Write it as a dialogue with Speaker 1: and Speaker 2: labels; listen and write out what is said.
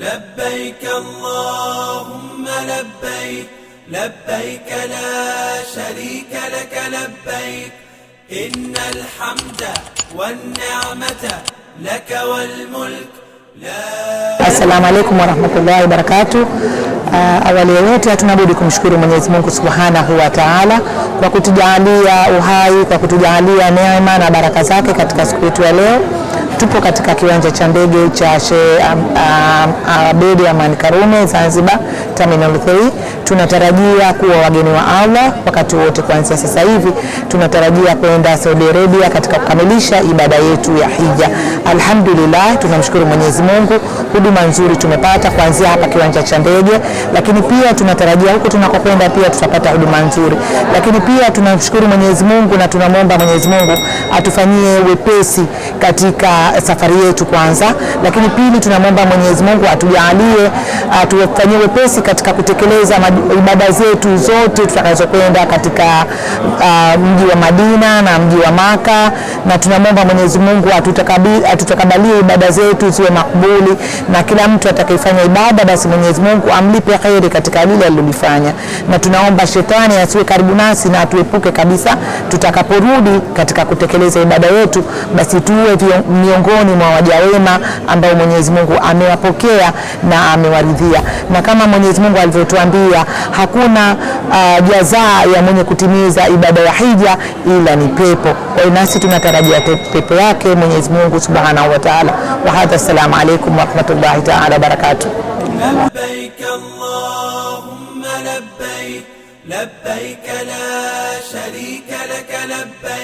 Speaker 1: لبيك اللهم لبيك لبيك لا شريك لك لبيك إن الحمد والنعمة لك والملك
Speaker 2: لا Assalamu alaikum warahmatullahi wabarakatu. Uh, awali ya yote hatuna budi kumshukuru Mwenyezi Mungu Subhanahu wa Ta'ala kwa kutujalia uhai, kwa kutujalia neema na baraka zake katika siku yetu ya leo. Tupo katika kiwanja cha ndege cha Sheikh Abedi Amani Karume Zanzibar Terminal 3. Tunatarajia kuwa wageni wa Allah wakati wote kuanzia sasa hivi. Tunatarajia kwenda Saudi Arabia katika kukamilisha ibada yetu ya hija. Alhamdulillah, tunamshukuru Mwenyezi Mungu, huduma nzuri tumepata kuanzia hapa kiwanja cha ndege, lakini pia tunatarajia huko tunakokwenda pia tutapata huduma nzuri, lakini pia tunamshukuru Mwenyezi Mungu na tunamwomba Mwenyezi Mungu atufanyie wepesi katika safari yetu kwanza, lakini pili tunamwomba Mwenyezi Mungu atujalie, atufanyie wepesi katika kutekeleza ibada zetu zote tutakazokwenda katika uh, mji wa Madina na mji wa Maka, na tunamwomba Mwenyezi Mungu atutakabidhi atutakabalie ibada zetu ziwe makbuli, na kila mtu atakayefanya ibada basi Mwenyezi Mungu amlipe kheri katika lile alilolifanya, na tunaomba shetani asiwe karibu nasi na atuepuke kabisa. Tutakaporudi katika kutekeleza ibada yetu, basi tuwe miongoni mwa waja wema ambao Mwenyezi Mungu amewapokea na amewaridhia, na kama Mwenyezi Mungu alivyotuambia hakuna uh, ah, jazaa ya mwenye kutimiza ibada ya hija ila ni pepo. Kwa hiyo nasi tunatarajia pepo yake Mwenyezi Mungu subhanahu سبحانه وتعالى وهذا السلام عليكم ورحمة الله تعالى وبركاته لبيك اللهم لبيك لبيك لا شريك لك لبيك